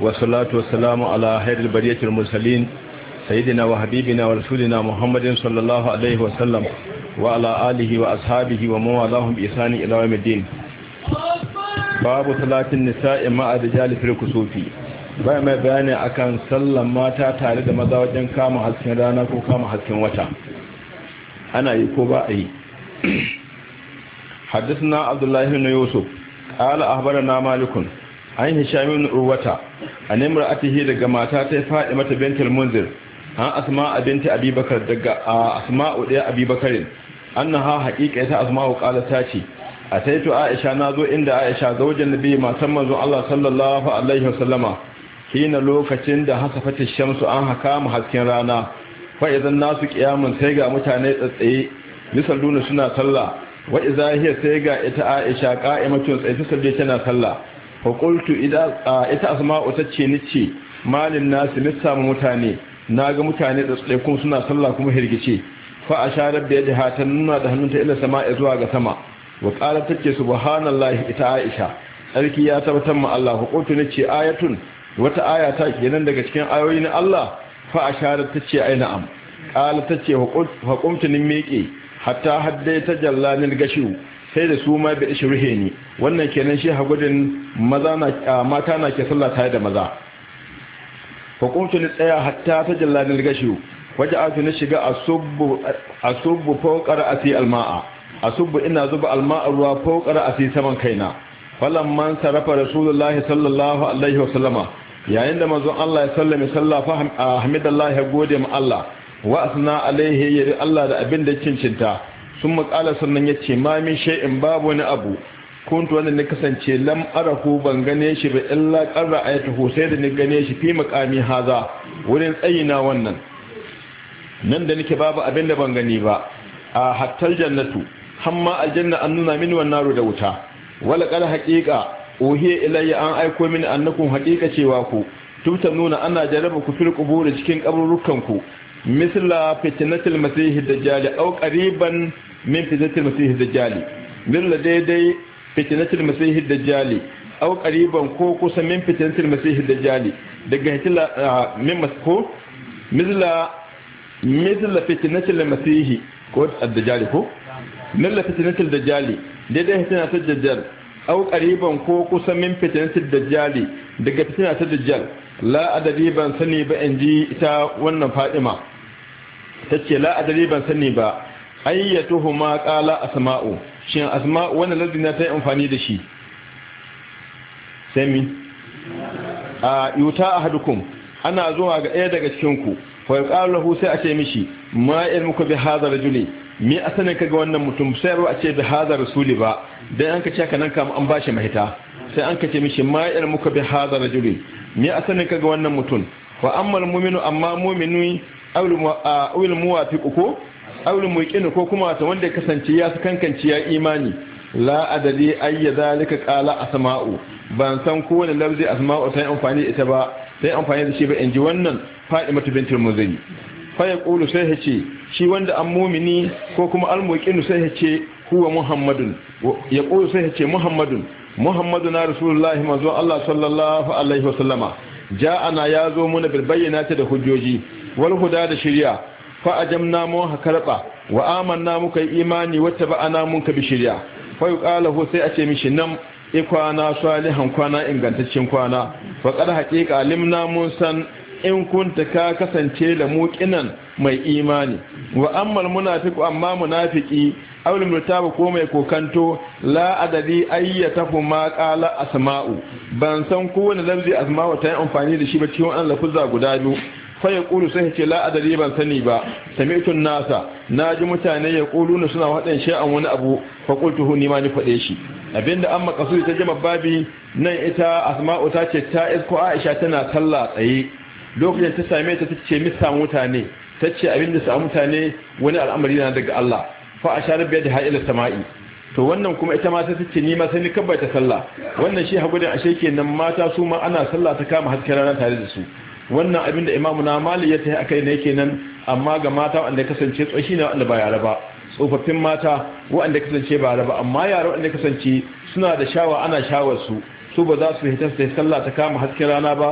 wasalatu wasalamu ala hairar bariyatul musallin sayidina wa habibina wa rasulina muhammadin sallallahu alaihi wasallam wa ala alihi wa ashabihi wa mawalahum isani ila yawmid din babu salatin nisa'i ma'a rijali fil kusufi bai mai bayani akan sallar mata tare da maza wajen kama hasken rana ko kama hasken wata ana yi ko ba a yi حدثنا عبد الله بن يوسف قال أخبرنا مالك an hisham ibn urwata an imra'atihi daga mata ta faɗi mata bintul munzir an asma'a binti Abibakar daga asma'u da abubakarin annaha haqiqata asma'u qalat ta ce ataitu aisha nazo inda aisha zaujan biyu matan manzon Allah sallallahu alaihi wasallama hina lokacin da hasafata shamsu an haka mu hasken rana faizan idan nasu kiyamun sai ga mutane tsatsaye misalluna suna sallah wa hiya sai ga ita aisha ƙa'imacin tsaye sallah tana sallah fa ita asma'u ce ni ce malin nasu lissamu mutane naga mutane da tsaye kuma suna sallah kuma hirgice fa sharar da jiha ta nuna da hannunta ila sama'a zuwa ga sama wa qalat tace subhanallahi ita aisha sarki ya tabbatar ma Allah fa ni ce ayatun wata aya ta kenan daga cikin ayoyi na Allah fa ta ce ai na'am qalat ta ce qumtu ni miƙe hatta ta jalla ni gashiu sai da su ma da shi ruhe ni wannan kenan shi hagudin maza na mata na ke sallah tare da maza fa qumtu ni tsaya hatta ta ni gashu waje a tuni shiga asubbu asubbu fawqar asi alma'a asubbu ina zuba alma'a ruwa fawqar asi saman kaina falamman sarafa rasulullahi sallallahu alaihi wa sallama yayin da manzon Allah ya sallame sallah fa hamidallahi gode ma Allah wa asna alaihi yari Allah da abin da cincinta sun makala sannan ya ce mamin sha'in babu wani abu kuntu wanda na kasance lam arahu ban gane shi ba illa qarra ayatuhu sai da ni gane shi fi makami haza wurin tsayina wannan nan da nake babu abin da ban gani ba a hattar jannatu hamma aljanna an nuna mini wan naru da wuta wala qala haqiqa uhiya ilayya an aiko mini annakum haqiqa cewa ku tuta nuna ana jaraba ku fil qubur cikin kaburukan ku misla fitnatul masih dajjal aw qariban min fitnatul masih dajjal milla daidai fitnatul masih dajjal aw qariban ko kusa min fitnatul masih dajjal daga hitla min masko misla misla fitnatul masih ko ad-dajjal ko milla fitnatul dajjal daidai fitnatul dajjal aw qariban ko kusa min fitnatul dajjal daga fitnatul dajjal la adadi ban sani ba in ji ita wannan fadima tace la adri ban sani ba ayyatuhuma qala asma'u shin asma'u wannan lazina ta yi amfani da shi sami a yuta ahadukum ana zuwa ga ɗaya daga cikin ku fa yaqalu lahu sai a ce mishi ma ilmuka bi hadha rajuli me ka kaga wannan mutum sai ba a ce bi hadha rasuli ba dan an ka ce kanan kam an bashi mahita sai an ka ce mishi ma ilmuka bi hadha rajuli me ka kaga wannan mutum wa amma mu'minu amma mu'minu awil muwafiq ko awil muqin ko kuma ta wanda kasance ya su kankanci ya imani la adadi ayya zalika qala asma'u ban san ko wani lafzi asma'u ta amfani ita ba sai amfani da shi ba inji wannan fadimatu bintul muzani fa yaqulu sai ya ce shi wanda an mumini ko kuma al muqinu sai ya ce huwa muhammadun yaqulu sai ya ce muhammadun muhammaduna rasulullahi manzo Allah sallallahu alaihi wasallama ja'ana yazo muna bil bayyinati da hujjoji wal huda da shari'a fa ajamna mu hakarba wa amanna muka yi imani wata ba'ana mun ka bi shari'a fa yuqala hu sai a ce mishi nan ikwana salihan kwana ingantaccen kwana fa qad haqiqa limna mun san in kunta ka kasance da muqinan mai imani wa ammal munafiqu amma munafiqi aw lam yutaba ko mai kokanto la adadi ayyata ma qala asma'u ban san kowane lafzi asma'u ta yi amfani da shi ba cikin wannan lafuzza guda biyu ya kulu sun ce la'adari ban sani ba sami'tun nasa na ji mutane ya kulu na suna waɗin sha'an wani abu faƙultuhu ni ma ni fade shi abinda an makasu ta jima babi nan ita asma'u ta ce ta isko aisha tana sallah tsaye lokacin ta same ta ta ce mista mutane ta ce abinda sa mutane wani al'amari na daga Allah fa a sharar biyar da ha'ila sama'i to wannan kuma ita mata ta ce ni ma sai ni kabbaita sallah wannan shi hagudin ashe kenan mata su ma ana sallah ta kama hasken rana tare da su wannan abin da imamu na mali ya tafi kai ne kenan amma ga mata wanda kasance tsohi ne wanda ba yara ba tsofaffin mata wanda kasance ba yara ba amma yara wanda kasance suna da shawa ana shawar su su ba za su hita su sallah ta kama hasken rana ba